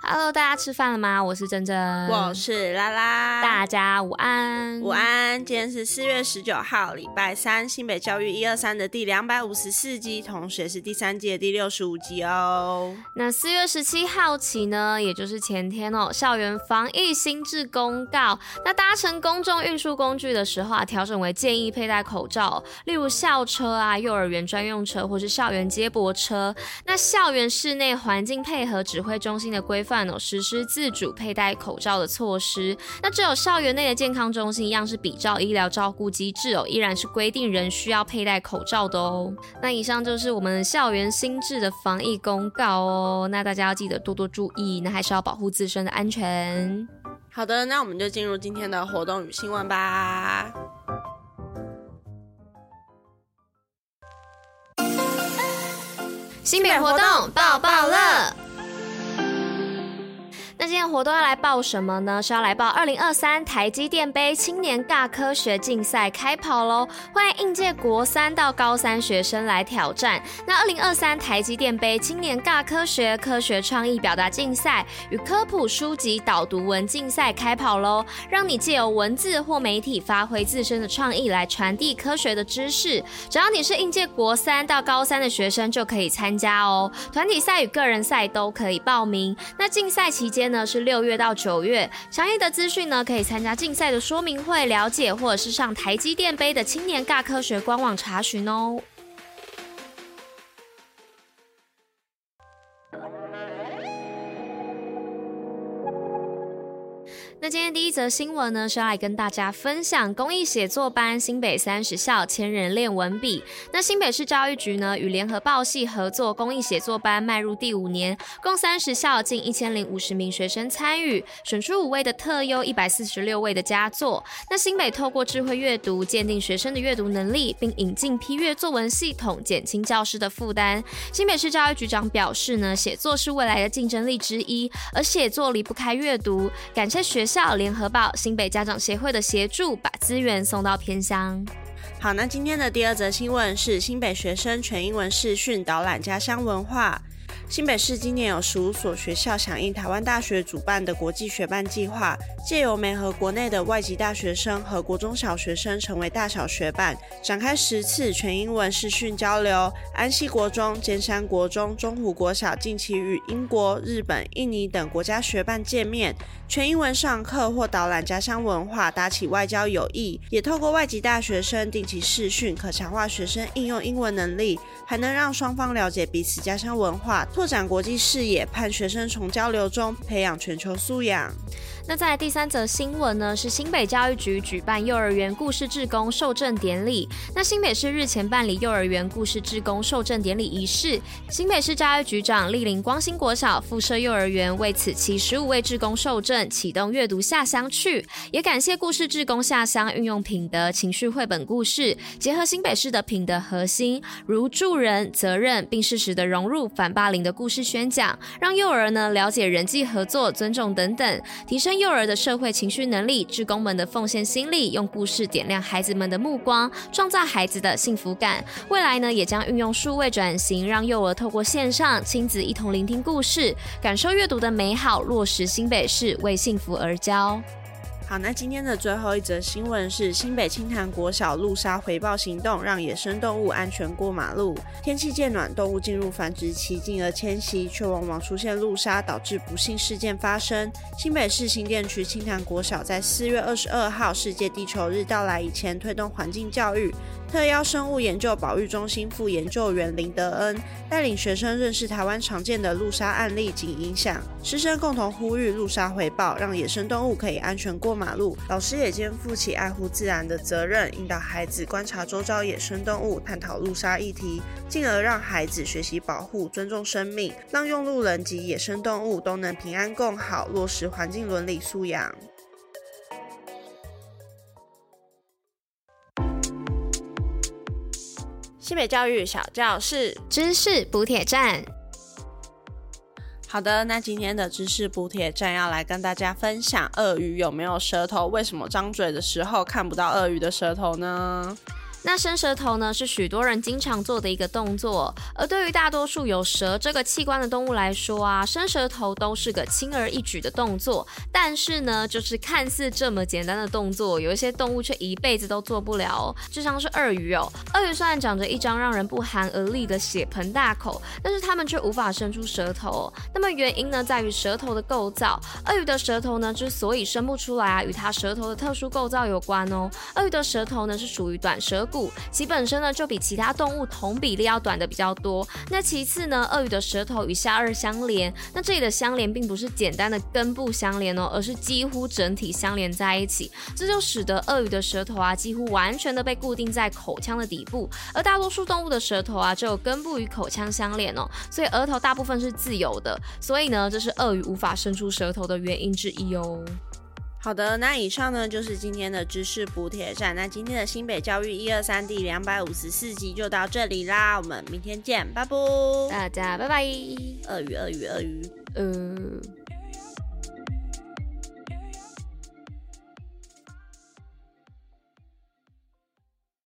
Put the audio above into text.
Hello，大家吃飯了嗎？我是珍珍，我是拉拉，大家午安，午安。今天是四月十九號，禮拜三，新北教育一二三的第兩百五十四集，同時也是第三季的第六十五集哦。那四月十七號起呢，也就是前天哦，校園防疫新制公告，那搭乘公眾運輸工具的時候啊，調整為建議佩戴口罩，例如校車啊、幼兒園專用車或是校園接駁車。那校園室內環境配合指揮中心的規實施自主佩戴口罩的措施。那只有校園內的健康中心一樣是比照醫療照顧機制哦，依然是規定人需要佩戴口罩的哦。那以上就是我們校園新制的防疫公告哦。那大家要記得多多注意，那還是要保護自身的安全。好的，那我們就進入今天的活動與新聞吧。新北活動報報樂。抱抱了那今天活動要來報什麼呢？是要來報二零二三台積電盃青年尬科學競賽開跑嘍！歡迎應屆國三到高三學生來挑戰。那二零二三台積電盃青年尬科學科學創意表達競賽與科普書籍導讀文競賽開跑嘍！讓你借由文字或媒體發揮自身的創意來傳遞科學的知識。只要你是應屆國三到高三的學生就可以參加哦。團體賽與個人賽都可以報名。那競賽期間。呢是六月到九月，詳細的資訊呢可以參加競賽的說明會了解，或者是上台積電盃的青年尬科學官網查詢哦。那今天第一則新聞呢，是要來跟大家分享公益寫作班新北三十校千人練文筆。那新北市教育局呢，與聯合報系合作公益寫作班邁入第五年，共三十校近一千零五十名學生參與，選出五位的特優，一百四十六位的佳作。那新北透過智慧閱讀鑑定學生的閱讀能力，並引進批閱作文系統，減輕教師的負擔。新北市教育局長表示呢，寫作是未來的競爭力之一，而寫作離不開閱讀。感謝學。校、聯合報新北家長協會的協助，把資源送到偏鄉。好，那今天的第二則新聞是新北學生全英文視訊導覽家鄉文化。新北市今年有十五所學校響應台灣大學主辦的國際學辦計劃。借由媒合國內的外籍大學生和國中小學生成為大小學伴，展開十次全英文視訊交流。安溪國中、尖山國中、中湖國小近期與英國、日本、印尼等國家學伴見面，全英文上課或導覽家鄉文化，搭起外交友誼。也透過外籍大學生定期視訊，可強化學生應用英文能力，還能讓雙方了解彼此家鄉文化，拓展國際視野，盼學生從交流中培養全球素養。那在第三。三則新聞呢，是新北教育局舉辦幼兒園故事志工授證典禮。那新北市日前辦理幼兒園故事志工授證典禮儀式，新北市教育局長莅臨光興國小附設幼兒園，為此期十五位志工授證，啟動閱讀下鄉去。也感謝故事志工下鄉運用品德情緒繪本故事，結合新北市的品德核心，如助人、責任，並適時的融入反霸凌的故事宣講，讓幼兒呢了解人際合作、尊重等等，提升幼兒的。社會情緒能力，志工們的奉獻心力，用故事點亮孩子們的目光，創造孩子的幸福感。未來呢，也將運用數位轉型，讓幼兒透過線上親子一同聆聽故事，感受閱讀的美好，落實新北市為幸福而教。好，那今天的最後一則新聞是新北青潭國小路殺回報行動，讓野生動物安全過馬路。天氣漸暖，動物進入繁殖期，進而遷徙，卻往往出現路殺，導致不幸事件發生。新北市新店區青潭國小在四月二十二號世界地球日到來以前，推動環境教育，特邀生物研究保育中心副研究員林德恩帶領學生認識台灣常見的路殺案例及影響，師生共同呼籲路殺回報，讓野生動物可以安全過。馬路，老師也肩負起愛護自然的責任，引導孩子觀察周遭野生動物，探討路殺議題，進而讓孩子學習保護、尊重生命，讓用路人及野生動物都能平安共好，落實環境倫理素養。新北教育小教室，知識補帖站。好的，那今天的知識補帖站要來跟大家分享：鱷魚有沒有舌頭？為什麼張嘴的時候看不到鱷魚的舌頭呢？那伸舌頭呢，是許多人經常做的一個動作。而對於大多數有舌這個器官的動物來說啊，伸舌頭都是個輕而易舉的動作。但是呢，就是看似這麼簡單的動作，有一些動物卻一輩子都做不了哦，就像是鱷魚哦。鱷魚雖然長着一張讓人不寒而栗的血盆大口，但是它們卻無法伸出舌頭哦。那麼原因呢，在於舌頭的構造。鱷魚的舌頭呢，之所以伸不出來啊，與它舌頭的特殊構造有關哦。鱷魚的舌頭呢，是屬於短舌骨。其本身呢，就比其他動物同比例要短的比較多。那其次呢，鱷魚的舌頭與下顎相連，那這裡的相連並不是簡單的根部相連哦，而是幾乎整體相連在一起，這就使得鱷魚的舌頭啊幾乎完全的被固定在口腔的底部。而大多數動物的舌頭啊只有根部與口腔相連哦，所以舌頭大部分是自由的。所以呢，這是鱷魚無法伸出舌頭的原因之一哦。好的，那以上呢就是今天的知識補帖站。那今天的新北教育一二三第兩百五十四集就到這裡啦，我們明天見，拜拜。大家拜拜。鱷魚，鱷魚，鱷魚。嗯